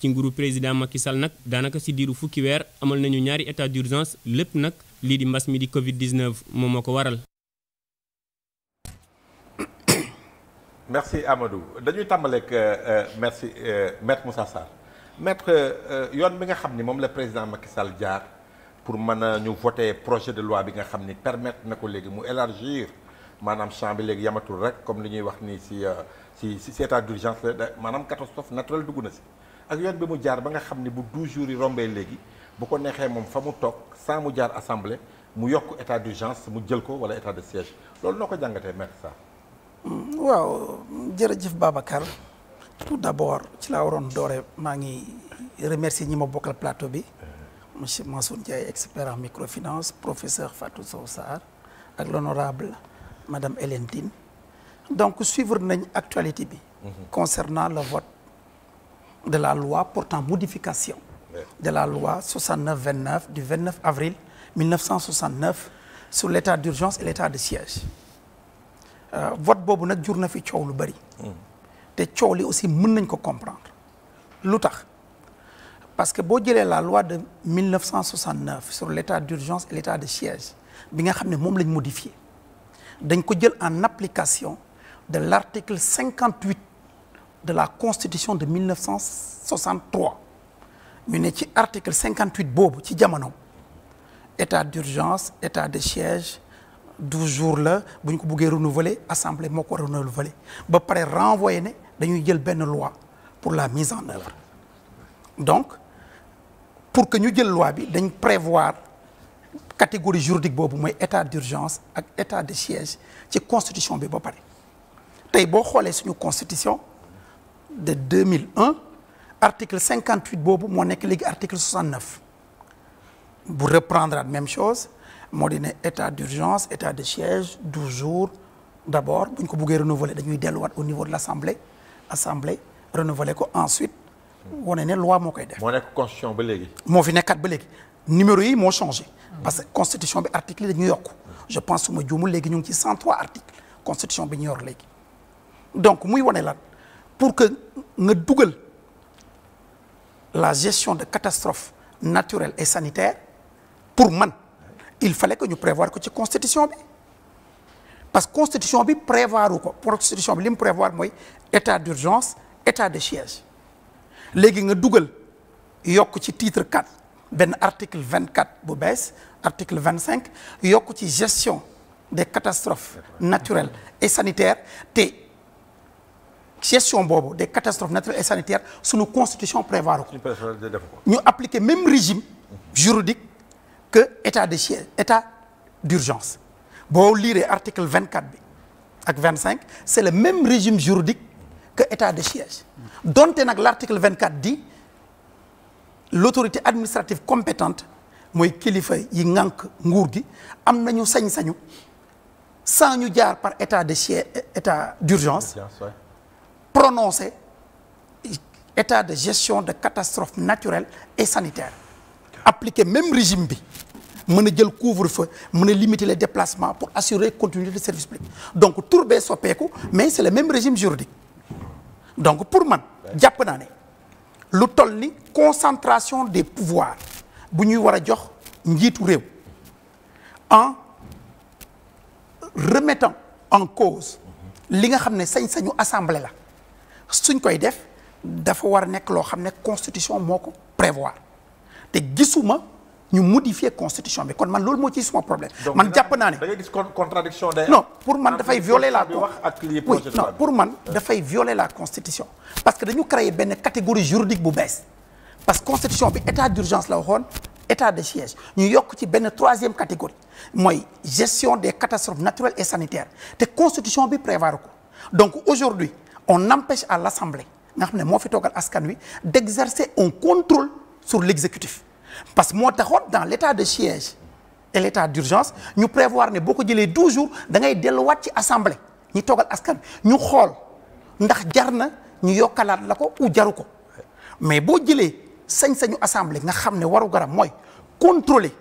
ci nguuru président Macky Sall nag daanaka si diiru fukki weer amal nañu ñaari état d'urgence lépp nag lii di mbas mi di Covid 19 moom moo ko waral. merci Amadou dañuy tàmbaleeg euh, euh, merci euh, maître Moussa Sarr maître yoon bi nga xam ni moom la président Macky Sall jaar pour mën a ñu voter projet de loi bi nga xam ni permettre na ko léegi mu élargir maanaam champ bi léegi yamatul rek comme li ñuy wax ni si si si état d'urgence la maanaam catastrophe naturelle dugg na si. ak yoon bi mu jaar ba nga xam ni bu 12 jours yi rombee léegi bu ko neexee moom fa mu toog sans mu jaar assemblée mu yokk état d'urgence mu jël ko wala état de siège loolu noo ko jàngatee maître Sarr. Mm, waaw jërëjëf Babacar tout d'abord ci laa waroon doore maa ngi remercier ñi ma bokkal plateau bi monsieur Mansour Ndiaye expert en microfinance professeur Fatou Sow Sarr ak l'honorable madame Hélène Tine donc suivre nañ actualité bi. Mhm. concernant le vote. de la loi portant modification de la loi 69-29 du 29 avril 1969 sur l'état d'urgence et l'état de siège euh, vote boobu nag jur na fi coow lu bari. Mm. te coow li aussi mën nañ ko comprendre lu tax parce que boo jëlee la loi de 1969 sur l'état d'urgence et l'état de siège bi nga xam ne moom lañ modifié dañ ko jël en application de l'article de la constitution de 1963 ñu ne ci article 58 boobu ci jamono état d'urgence état de siège 12 jours la bu ñu ko buggee renouveler assemblée moo ko renouveler ba pare renvoyé ne dañuy jël benn loi pour la mise en œuvre donc pour que ñu jël loi bi dañ prévoir catégorie juridique boobu mooy état d'urgence ak état de siège ci constitution bi ba pare tey boo xoolee suñu constitution de 2001 article 58 boobu moo nekk léegi article 69 bu reprendre la même chose moo di ne état d'urgence état de siège 12 jours d'abord bu ñu ko buggee renouveler dañuy delluwaat au niveau de l'assemblée assemblée renouveler ko ensuite wane ne loi moo koy def. moo nekk constitution ba léegi. moo fi nekkaat ba léegi numéro yi moo changé. Hmm. parce que constitution bi article yi dañuy yokk. Hmm. je pense su ma juumul léegi ñu ngi ci 103 articles constitution bi ñu yor léegi donc muy wane lan. pour que nga dugal la gestion de catastrophes naturelles et sanitaire pour man il fallait que ñu prévoir ko ci constitution bi parce que constitution bi prévoir ko constitution bi lim prévoir mooy état d'urgence état de siège léegi nga dugal yokk ci titre 4 benn article 24 bu bees article 25 yokk ci gestion des catastrophes naturelles et sanitaires gestion boobu de catastrophes naturelles et sanitaires suñu constitution prévoir ko ñu appliquer même régime juridique que état de siège état d'urgence boo liiree article 24 bi ak 25 c'est le même régime juridique que état de siège donte nag l'article 24 dit l'autorité administrative compétente mooy kilifa yi ŋànk nguur gi am nañu sañ-sañu sans ñu jaar par état de siège état d'urgence prononcé état de gestion de catastrophe naturelle et sanitaire appliquer même régime bi mën a jël couvre-feu mën a limiter les déplacements pour assurer continuité de service public donc tur bee soppeeku mais c'est le même régime juridique donc pour man jàpp naa ne lu toll ni concentration des pouvoirs bu ñuy war a jox njiitu réew en remettant en cause mm-hmm. li nga xam ne sañ-sañu assemblée la suñ koy def dafa war a nekk loo xam ne constitution moo ko prévoir te gisuma ñu modifier constitution bi kon man loolu moo ci suma problème. man jàpp naa ne da ngay gis contradiction day non pour man dafay violer la wax ak lii projet constitution. parce que dañu créer benn catégorie juridique bu bees parce que constitution bi état d'urgence la waxoon état de siège ñu yokk ci benn troisième catégorie mooy gestion des catastrophes naturelles et sanitaires te constitution bi prévoir ko donc aujourd'hui on empêche à l'Assemblée nga xam ne moo fi toogal askan wi d'exercer un contrôle sur l'exécutif parce que moo taxoon dans l'état de siège et l'état d'urgence ñu prévoir ne boo ko jëlee 12 jours da ngay delluwaat ci assemblée ñi toogal askan wi ñu xool ndax jar na ñu yokkalaat la ko ou jaru ko mais boo jëlee sañ-sañu assemblée nga xam ne waru garam mooy contrôler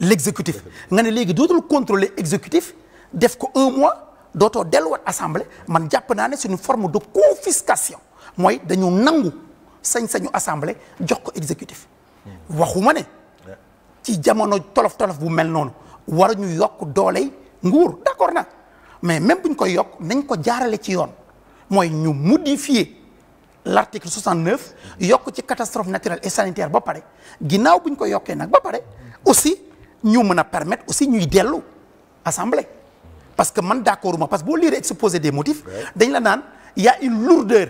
l'exécutif nga ne léegi dootul contrôler exécutif def ko un mois dootoo delluwaat assemblée man jàpp naa ne c'est une forme de confiscation mooy dañu nangu sañ-sañu assemblée jox ko exécutif waxuma ne ci jamono tolof tolof bu mel noonu war ñu yokk dooley nguur d'accord nag mais même buñ ñu koy yokk nañ ko jaarale ci yoon mooy ñu modifier l'article 69 yokk ci catastrophe naturelle et sanitaire ba pare ginnaaw bu ñu ko yokkee nag ba pare aussi ñu mën a permettre aussi ñuy dellu assemblée parce que man d'accord ma parce que boo lire exposé des motifs. dañ la naan y a une lourdeur.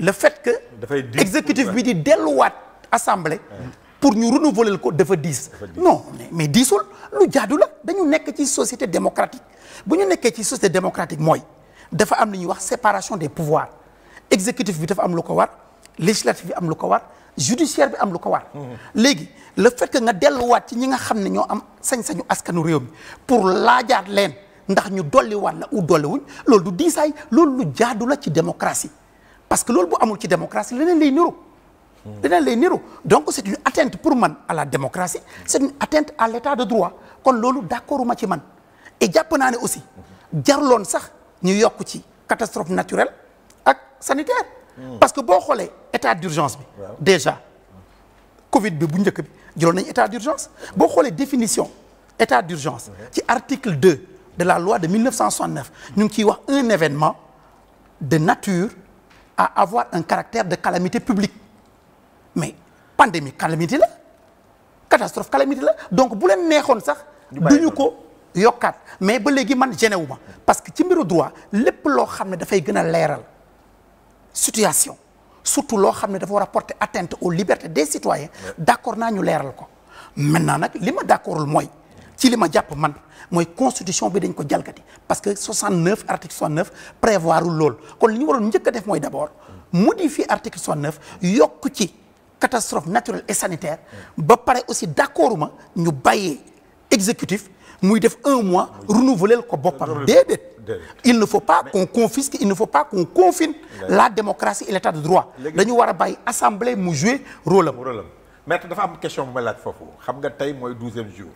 le fait que. dafay exécutif bi di delluwaat assemblée. pour ñu renouveler ko dafa diis. non mais diisul lu jaadu la dañu nekk ci société démocratique bu ñu nekkee ci société démocratique mooy dafa am lu ñuy wax séparation des pouvoirs exécutif bi dafa am lu ko war législatif bi am lu ko war judiciaire bi am lu ko war. Mmh. léegi le fait que nga delluwaat ci ñi nga xam ne ñoo am sañ-sañu askanu réew mi pour laajaat leen. ndax ñu dolli waat la ou dolli wuñ loolu du diisaay loolu lu jaadu la ci démocratie parce que loolu bu amul ci démocratie leneen lay niru leneen lay niru donc c'est une atteinte pour man à la démocratie c'est une atteinte à l'état de droit kon loolu d'accordu ma ci man et jàpp naa ne aussi jarloon sax ñu yokk ci catastrophe naturel ak sanitaire hmm. parce que boo xoolee état d'urgence bi déjà covid bi bu njëkk bi jëloon nañ état d'urgence boo xoolee définition état d'urgence hmm. ci article 2 de la lois de 1969 ñu ngi ciy wax un événement de nature à avoir un caractère de calamité publique mais pandémie calamité la catastrophe calamité la donc bu leen neexoon sax duñu ko yokkaat mais ba léegi man gêné ma parce que ci mbiru droit lépp loo xam ne dafay gën a leeral situation surtout loo xam ne dafa war a porter atteinte aux libertés des citoyens d'accord naa ñu leeral ko maintenant nag li ma d'accordul mooy ci li ma jàpp man mooy constitution bi dañ ko jalgati parce que 69 article 69 prévoirul lool kon li ñu waroon njëkk a def mooy d' abord modifier article 69 yokk ci catastrophe naturelle et sanitaire ba pare aussi d' accord ma ñu bàyyee exécutif muy def un mois renouveler ko boppam déedéet il ne faut pas qu'on confisque il ne faut pas qu'on confine la démocratie et l'état de droit dañu war a bàyyi assemblée mu jouer rôle am maître dafa am question bu may laaj foofu xam nga tey mooy douzième jour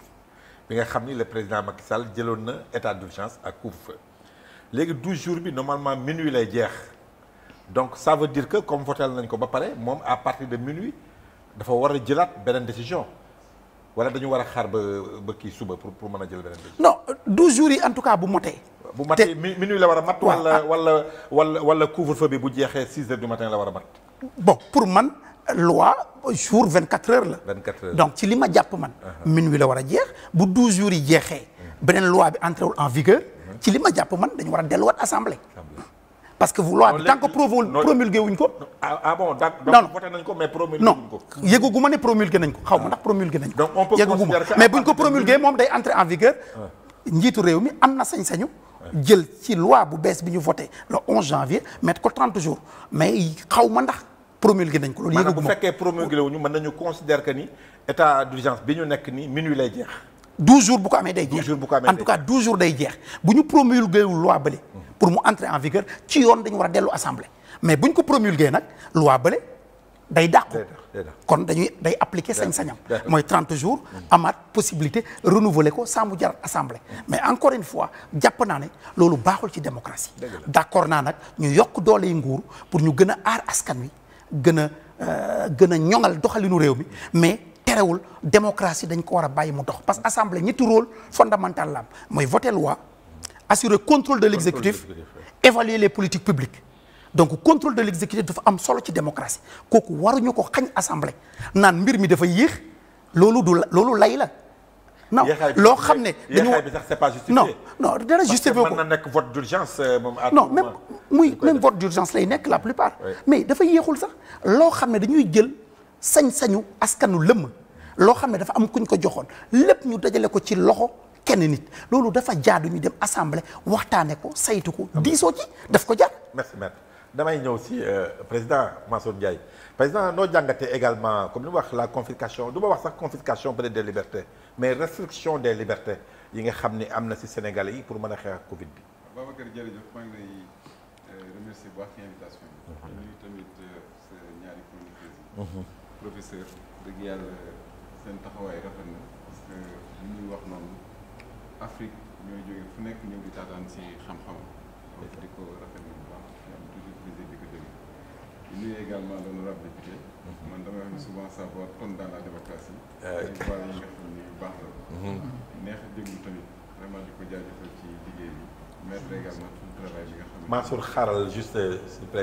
bi nga xam ni le président Macky Sall jëloon na état d'urgence ak couvre-feu léegi 12 jours bi normalement minuit lay jeex donc ça veut dire que comme voté nañ ko ba pare moom à partir de minuit dafa war a jëlaat beneen décision wala dañu war a xaar ba ba kii suba pour pour mën a jël beneen décision. non 12 jours yi en tout cas bu motee. bu matee minuit la war a mat. wala wala wala wala couvre bi bu jeexee 6 heures du matin la war a mat. bon pour man. loi jour 24 heures la. 24 donc ci li ma jàpp man. Uh-huh. minuit la war a jeex bu 12 jours yi jeexee. Uh-huh. beneen loi bi entré wul en vigueur. Uh-huh. ci li ma jàpp man dañu war a delluwaat assemblée. parce que loi bi tant que promulgué wuñ ko. Ah, ah bon donc voté nañ ko mais promulgué wuñ ko. non yëgagu ma ne promulgué nañ ko xaw ma ah. ndax promulgué nañ ko. donc on peut yëgagu ma mais buñ ko promulgué moom day entré en vigueur. Ah. njiitu réew mi am na sañ-sañu. jël ci loi bu bees bi ñu voté le 11 janvier mettre ko 30 jours mais xaw ma ndax. promulgué nañ ko loolu yëgaguma bu fekkee promulgué wu ñu mën nañu considérer que ni état d'urgence bi ñu nekk nii minuit lay jeex. 12 jour bu ko amee day jeex bu ko amee en tout cas 12 jours day jeex bu ñu promulgué wu loi bële. pour mu entrer en vigueur ci yoon dañu war a dellu assemblée mais bu ñu ko promulgué nag loi bële day dàqu. kon dañuy day appliquer sañ-sañam. mooy trente jours amaat possibilité renouveler ko sans mu jar assemblée. Mm. mais encore une fois jàpp naa ne loolu baaxul ci démocratie. d'accord naa nag ñu yokk doole yi nguur pour ñu gën a aar askan wi. gën a euh, gën a ñoŋal doxalinu réew mi mais terewul démocratie dañ ko war a bàyyi mu dox parce que assemblée ñetti rôle fondamental la mooy voter loi assurer contrôle de l'exécutif évaluer les politiques publiques donc contrôle de l'exécutif dafa am solo ci démocratie kooku waruñu ko xañ assemblée naan mbir mi dafa yéex loolu du loolu lay la non loo xam ne. dañoo bi sax c'est pas justifié. non non dara justifié ko parce que vote d'urgence euh, moom. non même muy même vote d'urgence lay nekk la plupart. mais dafa yéexul sax loo xam ne dañuy jël sañ-sañu askanu lëmm loo xam ne dafa am kuñ ko joxoon lépp ñu dajale ko ci loxo. kenn nit loolu dafa jaadu ñu dem assemblée waxtaane ko saytu ko diisoo ci daf ko jar. merci damay ñëw si euh, président Mansour Ndiaye président noo jàngatee également comme li mu wax la confiscation du wax sax confiscation peut-être des mais restriction des libertés yi nga xam ni am na ci sénégal yi pour mën a xeex ak Covid bi. Babacar jërëjëf maa ngi lay euh, remercier bu baax invitation bi. Mhm. tamit euh, sa ñaari chroniqueurs mhm. professeur dëgg yàlla seen taxawaay rafet na parce que ñuy wax noonu Afrique ñooy jóge fu nekk ñëw di taataan ci xam-xam. donc di ko rafet na bu baax di am toujours plaisir di ko déglu. di nuyu également man damay wax ne souvent savoir tombe dans la démocratie. xibaar yi nga xam ni baax la. Mhm. neex déglu tamit vraiment di ko jaajëfal ci xaaral juste s'il ñu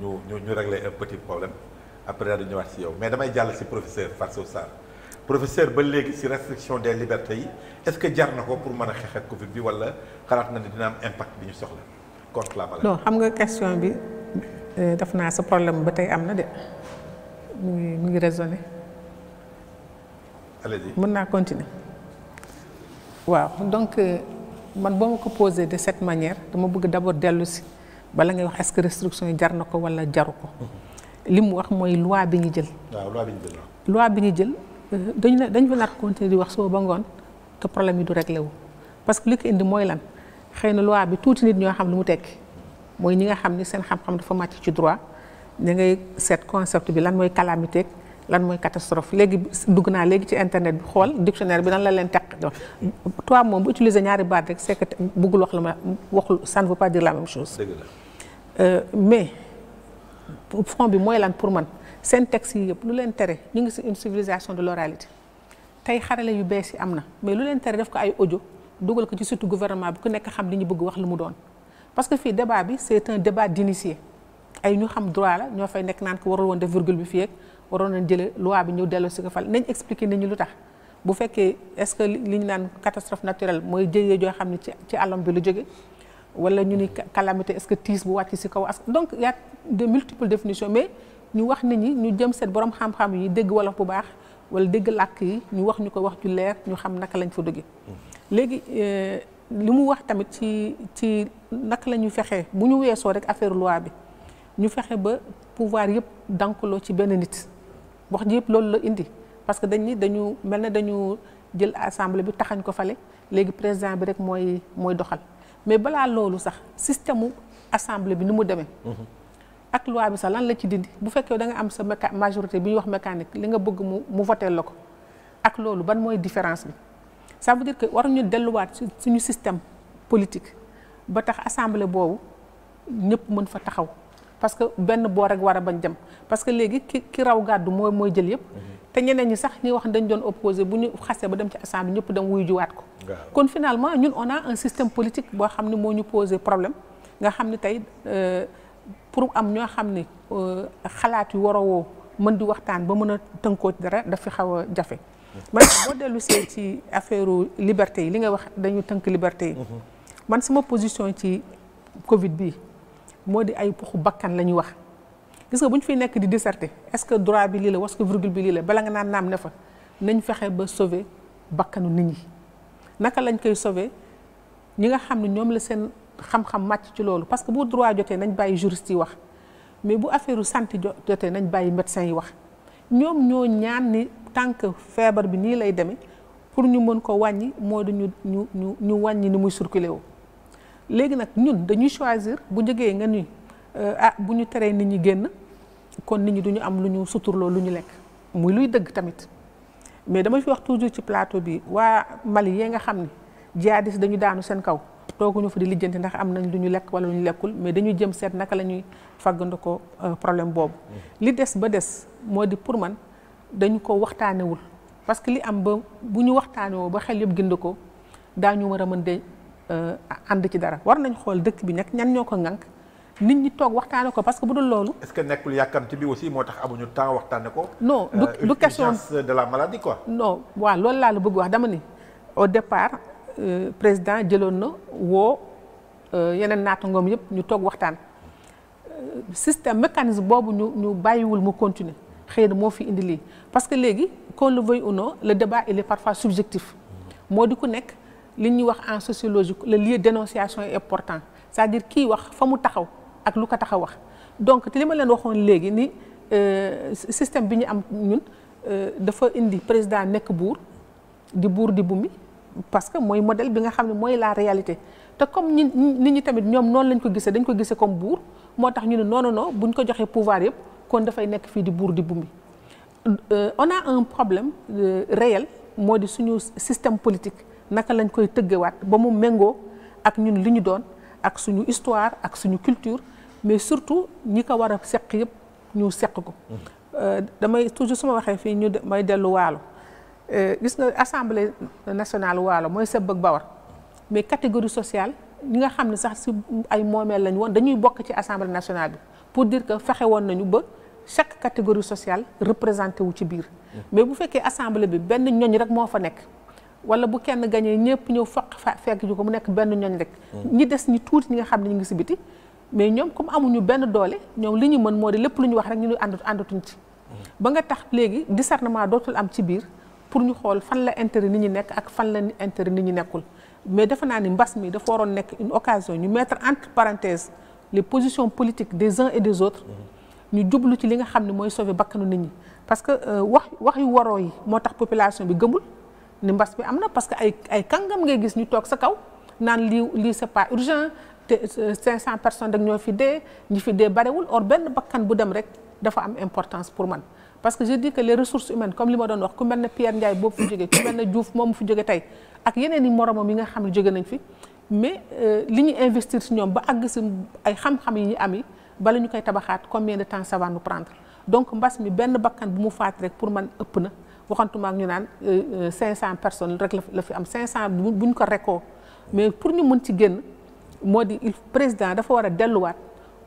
ñu ñu ñu un petit problème après dañu ñëwaat si yow mais damay jàll si professeur Fatou Sarr professeur ba léegi si restriction des libertés yi est-ce que jar na ko pour mën a xeex ak Covid bi wala xalaat na ne dina am impact bi ñu soxla contre la maladie. non xam nga question bi. Euh, def naa sa problème ba tey am na de mu ngi mu ngi raisonné. mën naa continuer. waaw donc euh, man boo ma ko posé de cette manière dama bëgg d'abord dellu si bala ngay wax est restriction yi jar na ko walla jaru ko. Mhm. li mu wax mooy loi bi ñu jël. waaw loi bi ñu jël loi bi ñu jël euh, dañu ne dañu fa nar continuer di wax soo ba ngoon te problème yi du réglé wu parce que li ko indi mooy lan xëy na loi bi tuuti nit ñoo xam lu mu tekki. mooy ñi nga xam ni seen xam-xam dafa màcc ci droit da ngay seet concept bi lan mooy calamité lan mooy catastrophe léegi dugg naa léegi ci internet bi xool dictionnaire bi nan la leen teq toit moom bu utiliser ñaari baat rek c'est que bëggul wax la ma waxul ça ne veut pas dire la même chose euh, mais fond bi mooy lan pour man seen texte yëpp lu leen tere ñu ngi si une civilisation de l'oralité tey xarale yu bees yi am na mais lu leen def ko ay audio dugal ko ci surtout gouvernement bi ku nekk xam li ñu bëgg wax lu mu doon parce que fii débat bi c'est un débat d'initié ay ñu xam droit la ñoo fay nekk naan ko warul woon def virgule bi fii ak waroon nañ jële loi bi ñu dellu si ko fal nañ expliquer nit ñi lu tax bu fekkee est-ce que li ñu naan catastrophe naturelle mooy jëyee joo xam ne ci ci àllam bi lu jóge wala ñu ni calamité est-ce que tiis bu wàcc si kaw as donc y a de multiples définitions mais ñu wax nit ñi ñu jëm seet borom xam-xam yi dégg wolof bu baax wala dégg làkk yi ñu wax ñu ko wax ju leer ñu xam naka lañ fa duggee mm-hmm. euh, li mu wax tamit ci ci nak la ñu fexee bu ñu weesoo rek affaire loi bi ñu fexe ba pouvoir yëpp dankaloo ci benn nit wax ji yëpp loolu la indi parce que dañ ni dañu mel ne dañu jël assemblée bi taxañ ko fale léegi président bi rek mooy mooy doxal mais balaa loolu sax système mu assemblée bi nu mu demee. Mhm. ak loi bi sax lan la ci dindi bu fekkee da nga am sa majorité bi ñuy wax mécanique li nga bëgg mu mu voté la ko ak loolu ban mooy différence bi. ça veut dire que ñu delluwaat suñu système politique ba tax assemblée boobu ñëpp mën fa taxaw parce que benn boo rek war a bañ dem parce que léegi ki raw gàddu mooy mooy jël yëpp. Mhm. te ñeneen ñi sax ñi wax dañ doon opposé bu ñu xasee ba dem ci assemblée ñëpp dem wuyu jiwaat ko. kon finalement ñun on a un système politique boo xam ne moo ñu posé problème nga xam ne tey euh, pour am ñoo xam ne euh, xalaat yu waroo mën di waxtaan ba mën a tënkoo ci dara daf xaw a jafe. man boo dellu see ci affaire liberté yi li nga wax dañu tënk liberté yi mhm. man sama position ci covid bi moo di ay poxu bakkan la ñuy wax gis nga bu ñu fi nekk di disserter est-ce que droit bi lii la was que virgule bi lii la bala nga naan naam ne fa nañ fexe ba sauver bakkanu nit ñi naka lañ koy sauver ñi nga xam ne ñoom la seen xam-xam màcc ci loolu parce que bu droit jotee nañ bàyyi juriste yi wax mais bu affaire santé jotee nañ bàyyi médecin yi wax ñoom ñoo ñaan ni tant que feebar bi nii lay demee pour ñu mën ko wàññi mooy dañu ñu ñu ñu wàññi ni muy circulé wu. léegi nag ñun dañuy choisir bu jógee nga ni euh, ah bu ñu teree nit ñi génn kon nit ñi du ñu am lu ñu suturloo lu ñu lekk muy luy dëgg tamit mais damay fi wax toujours ci plateau bi waa Mali yee nga xam ni jaadis dañu daanu seen kaw. tooguñu fa di lijjanti ndax am nañ lu ñu lekk wala lu ñu lekkul mais dañu jëm seet naka la ñuy faggandikoo euh, problème boobu. Mm-hmm. li des ba des moo di pour man dañu ko waxtaanewul parce que li am ba bu ñu waxtaanewoo ba xel yëpp gindi ko daa ñu war a mën de euh, ànd ci dara war nañ xool dëkk bi nag ñan ñoo ko ŋànk nit ñi toog waxtaane ko parce que bu dul loolu. est-ce que nekkul yàkkamti bi aussi moo tax amuñu temps waxtaane ko. non du euh, du question de la maladie quoi. non waaw loolu laa la bëgg wax dama ni au Euh, président jëloon na woo euh, yeneen naatangoom yëpp ñu toog waxtaan euh, système mécanisme boobu ñu ñu bàyyiwul mu continuer xëy na moo fi indi lii parce que léegi qu'on le veuille le débat il est parfois subjectif moo di ku nekk li ñuy wax en sociologie le lieu d'énonciation est important c'est-à-dire kii wax fa mu taxaw ak lu ko taxaw wax donc te li ma leen waxoon léegi ni système bi ñu am ñun dafa indi président nekk buur di buur di bumi parce que mooy modèle bi nga xam ne mooy la réalité te comme ñi nit ñi tamit ñoom noonu lañ ko gisee dañ ko gise comme buur moo tax ñu ne non non bu buñ ko joxee pouvoir yëpp kon dafay nekk fii di buur di bumbi euh, on a un problème euh, réel moo di suñu système politique naka lañ koy tëggewaat ba mu méngoo ak ñun li ñu doon ak suñu histoire ak suñu culture mais surtout ñi ko war a seq yëpp ñu seq ko mmh. euh, damay toujours suma waxee fii ñu may dellu waalo Euh, gis nga assemblée nationale waalo mooy sa bëgg bawar mais catégorie sociale ñi nga xam ne sax si ay moomeel lañu woon dañuy bokk ci assemblée nationale bi pour dire que fexe woon nañu ba chaque catégorie sociale représenté wu ci biir. mais bu fekkee assemblée bi benn ñoñ rek moo fa nekk. wala bu kenn gañee ñëpp ñëw foq fa fekk ju ko mu nekk benn ñoñ rek. ñi des ñi tuuti ñi nga xam ne ñu ngi si biti. mais ñoom comme amuñu benn doole ñoom li ñu mën moo di lépp lu ñu wax rek ñu ànd àndatuñ ci. ba nga tax léegi discernement dootul am ci biir. pour ñu xool fan la intérêt nit ñi nekk ak fan la intérêt nit ñi nekkul mais defe naa ni mbas mi dafa waroon nekk une occasion ñu mettre entre parenthèses les positions politiques des uns et des autres ñu jublu ci li nga xam ne mooy sauver bakkanu nit ñi parce que euh, wax wax yu waroo yi moo tax population bi gëmul ni mbas mi am na parce que ay ay kàngam ngay gis ñu toog sa kaw naan lii lii c'est pas urgent te 500 euh, personnes rek ñoo fi dee ñi fi dee barewul or benn bakkan bu dem rek dafa am importance pour man parce que je dis que les ressources humaines comme li ma doon wax ku mel ne Pierre Ndiaye boobu fi jóge ku mel ne Diouf moom fi jóge tey ak yeneen i moromam yi nga xam ne jóge nañ fi mais euh, li ñu investir si ñoom ba àgg si ay xam-xam yi ñu am yi bala ñu koy tabaxaat comme de temps ça va nous prendre donc mbas mi benn bakkan bu mu faat rek pour man ëpp na waxantumaak ñu naan euh, euh, cinq 500 personnes rek la fi am 500 buñ ko rekoo mais pour ñu mën ci génn moo di président dafa war a delluwaat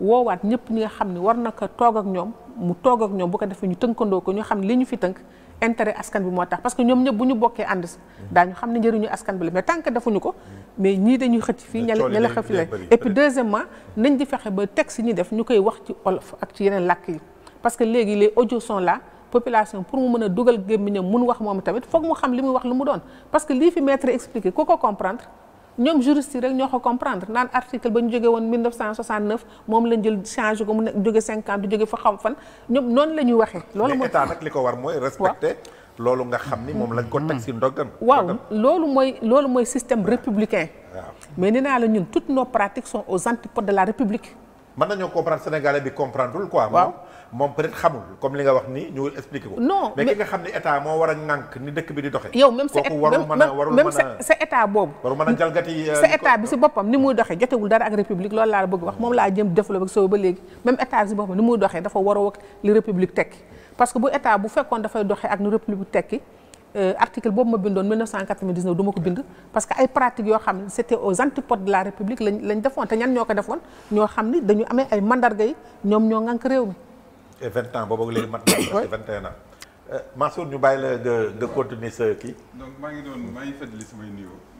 woowaat ñëpp ñi nga xam ne war na ko toog ak ñoom mu toog ak ñoom bu ko defee ñu tënkandoo ko ñu xam li ñu fi tënk intérêt askan bi moo tax parce que ñoom ñëpp bu ñu bokkee ànd daañu xam ne njëriñu askan bi la mais tant que defuñu ko mais ñii dañuy xëcc fii ñale ñale xëcc la et puis deuxièmement nañ di fexe ba teg yi ñu def ñu koy wax ci olof ak ci yeneen làkk yi parce que léegi les audios sont là population pour mu mën a dugal gémmiñam mun wax moom tamit foog mu xam li muy wax lu mu doon parce que lii fi maître expliqué ko comprendre ñoom juriste rek ñoo ko comprendre naan article ba ñu jóge woon 1969 moom lañ jël changé ko mu ne jóge 50 jóge fa xam fan ñoom noonu la ñuy waxee. loolu mooy état li ko war mooy respecté. loolu nga xam ni moom lañ ko teg si ndogam. waaw loolu mooy loolu mooy système républicain. waaw mais nee naa la ñun toutes nos pratiques sont aux antipodes de la république. mën nañoo comprendre sénégalais bi comprendre lul quoi. waaw moom peut être xamul comme li nga wax ni ñu expliqué ko. non mais ki nga xam ne état moo war a ŋànk ni dëkk bi di doxee. yow même sa état a warul mën a sa état boobu. warul mën a jalgati euh, sa état bi si boppam ni muy doxee jotewul dara ak république loolu laa la bëgg wax moom laa jëm développé soo ba léegi même état bi si boppam ni muy doxee dafa waroo ak li république tekki parce que bu état bu fekkoon dafay doxee ak ni république tekki Euh, article boobu ma bindoon 1999 du ma ko bind parce que ay pratiques yoo xam ne c'était aux antipodes de la République lañ lañ defoon te ñan ñoo ko defoon ñoo xam ni dañu amee ay mandarga yi ñoom ñoo ŋànk réew mi. et vingt ans boobu léegi mat na vingt euh, ñu bàyyi la nga nga continuer maa ngi doon maa ngi fëttali samay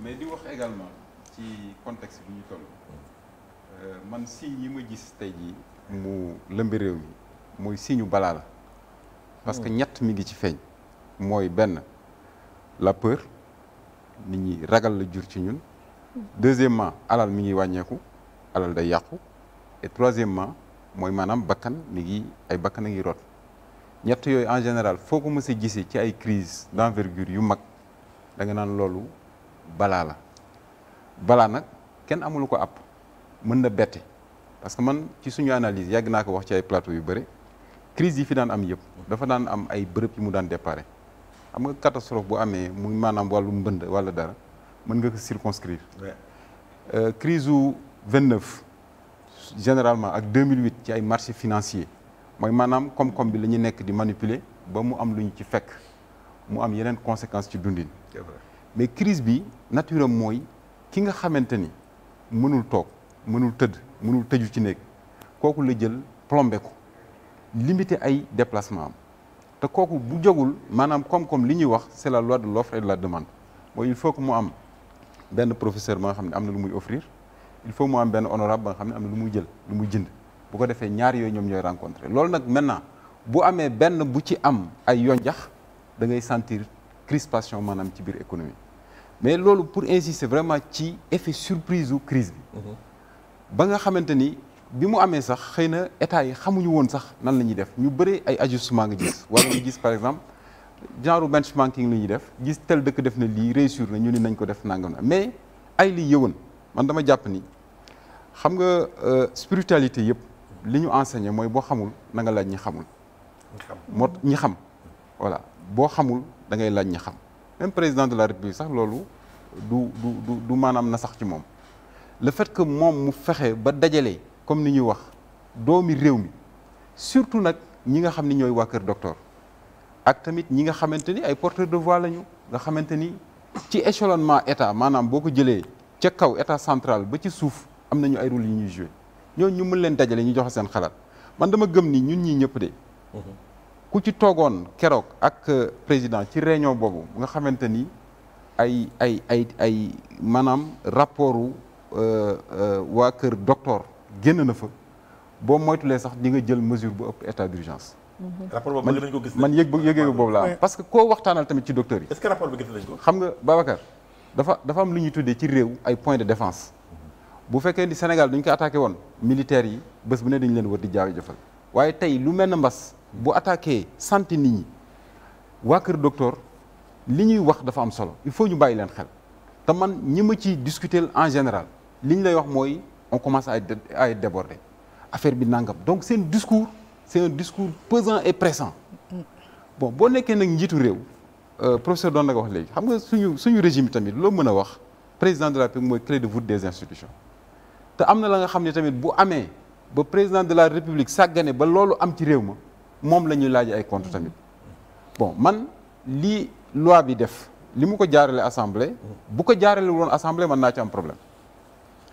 mais di wax également ci contexte bi ñu toll euh, man signe yi ma gis tey jii mu lëmbi réew mi mooy signe balaa la. parce que hmm. ñett mi ngi ci feeñ mooy benn. la peur nit ñi ragal la jur ci ñun deuxièmement alal mi ngi wàññeeku alal day yàqu et troisièmement mooy maanaam bakkan ni ngi ay bakkan a ngi rot ñett yooyu en général foo ko mës a gisee ci ay crise d'envergure yu mag danga naan loolu balaa la balaa nag kenn amulu ko àpp mën na betti parce que man ci suñu analyse yàgg naa ko wax ci ay plateau yu bëri crise yi fi daan am yëpp dafa naan am ay bërëb yi mu daan déparé xam nga catastrophe bu amee muy maanaam wàllu mbënd wala dara mën nga ko circonscrire. Euh, crise u 29 généralement ak 2008 ci ay marché financier mooy maanaam koom-koom bi la ñu nekk di manipuler ba mu am lu ñu ci fekk mu am yeneen conséquence ci dundin. mais crise bi nature am mooy ki nga xamante ni mënul toog mënul tëdd mënul tëju ci néeg kooku la jël plombé ko limité ay déplacement am. te kooku bu jógul maanaam koom-koom li ñuy wax c'est la loi de l'offre et de la demande mooy il faut que mu am benn professeur ba nga xam ne am na lu muy offrir il faut mu am benn honorable ba nga xam ne am na lu muy jël lu muy jënd bu ko defee ñaar yooyu ñoom ñooy rencontrer loolu nag maintenant bu amee benn bu ci am ay yonjax da ngay sentir crispation maanaam ci biir économie mais loolu pour insister vraiment ci effet surprise u crise bi mm-hmm. ba xamante bi mu amee sax xëy na état yi xamuñu woon sax nan la ñuy def ñu bëri ay ajustement nga gis wala ñu gis par exemple genre benchmarking la ñuy def gis tel dëkk def na lii réussir na ñu ni nañ ko def nangam na mais ay li yëwoon man dama jàpp ni xam nga euh, spiritualité yëpp li ñu enseigné mooy boo xamul na nga laaj ñi xamul. moo ñi xam voilà boo xamul da ngay laaj ñi xam même président de la république sax loolu du du du maanaam na sax ci moom le fait que moom mu fexe ba dajalee. comme ni ñuy wax doomi réew mi surtout nag ñi nga xam ni ñooy waa Kër Docteur ak tamit ñi nga xamante ni ay porteurs de voix lañu nga xamante ni ci échelonnement état maanaam boo ko jëlee ca kaw état centrale ba ci suuf am nañu ay rôle yu ñuy joué ñooñu ñu mën leen dajale ñu joxe seen xalaat man dama gëm ni ñun ñii ñëpp de. Mhm. ku ci toogoon keroog ak euh, président ci réunion boobu nga xamante ni ay ay ay ay maanaam rapportu euh, euh, waa kër docteur génn na fa boo moytulee sax di nga jël mesure bu ëpp état d'urgence mhm. rapport boobu bëgg nañ ko gis man yëg yëg boobu laa am parce que koo waxtaanal tamit ci docteur yi est-ce que rapport bi gis xam nga Babacar dafa dafa am lu ñuy tuddee ci réew ay point de défense mhm. bu fekkee ni Sénégal duñ ko attaqué woon militaire yi bés bu ne dañu leen war di jaawe jëfal waaye tey lu mel ne mbas bu attaqué santé nit ñi waa kër docteur li ñuy wax dafa am solo il faut ñu bàyyi leen xel te man ñi ma ci discuter en général li lay wax mooy on commence ay être, à être affaire bi nangam donc seen discours c'est un discours pesant et pressant bon boo nekkee nag njiitu réew euh, professeur doon na ko wax léegi xam nga suñu suñu régime tamit loo mën a wax président de la République mooy clé de voûte des institutions te am na la nga xam ne tamit bu amee ba président de la République sàggane ba loolu am ci réew ma moom la ñuy laaj ay compte tamit bon man lii loi bi def li mu ko jaarale assemblée bu ko jaarale woon assemblée mën naa ci am problème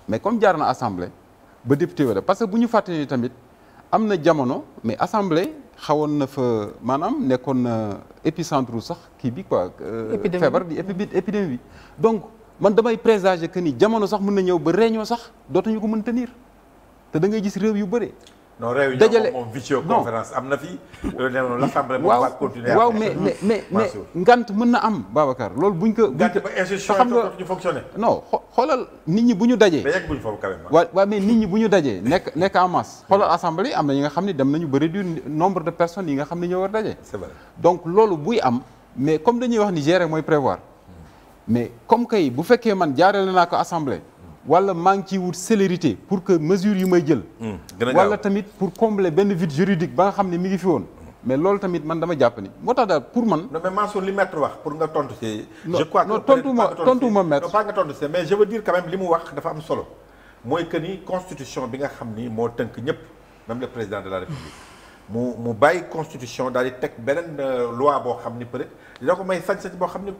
mais comme jaar na assemblée ba député wala parce que bu ñu fàttali tamit am na jamono mais assemblée xawoon na fa maanaam nekkoon na épicentre sax kii bi quoi. Euh, feebar di épidémie bi donc man damay présager que ni jamono sax mun na ñëw ba réunion sax dootuñu ko mën tenir te da ngay gis réew yu bëri. dajale réunion moom visioconférence am na fi. Euh, l'assemblée moom va continuer waaw mais mais ngant mën na am Babacar loolu buñ ko. buñ ko xam nga ñu fonctionner. non xoolal nit ñi bu ñu dajee. mais foofu quand même. waaw waaw mais nit ñi bu ñu dajee nekk nekk en masse. xoolal assemblée am na ñi nga xam ne dem nañu ba réduire nombre de personnes yi nga xam ne ñoo war daje. c'est vrai donc loolu buy am mais comme dañuy wax ni gérer mooy prévoir hmm. mais comme kay bu fekkee man jaarale naa ko assemblée. wala maa ngi ciy wut célérité pour que mesure yu may jël. Hmm, wala tamit pour combler benn vide juridique ba nga xam ne mi ngi fi woon. mais loolu tamit man dama jàpp ni moo tax daal pour man. non mais Mansour li maître wax pour nga tontu ci. je crois mais je veux li mu wax dafa am solo mooy que ni constitution bi nga xam ni moo tënk ñëpp même le président de la république. mu mu bàyyi constitution daal di teg beneen euh, loi boo xam ni peut dina ko may sañ-sañ boo xam ni.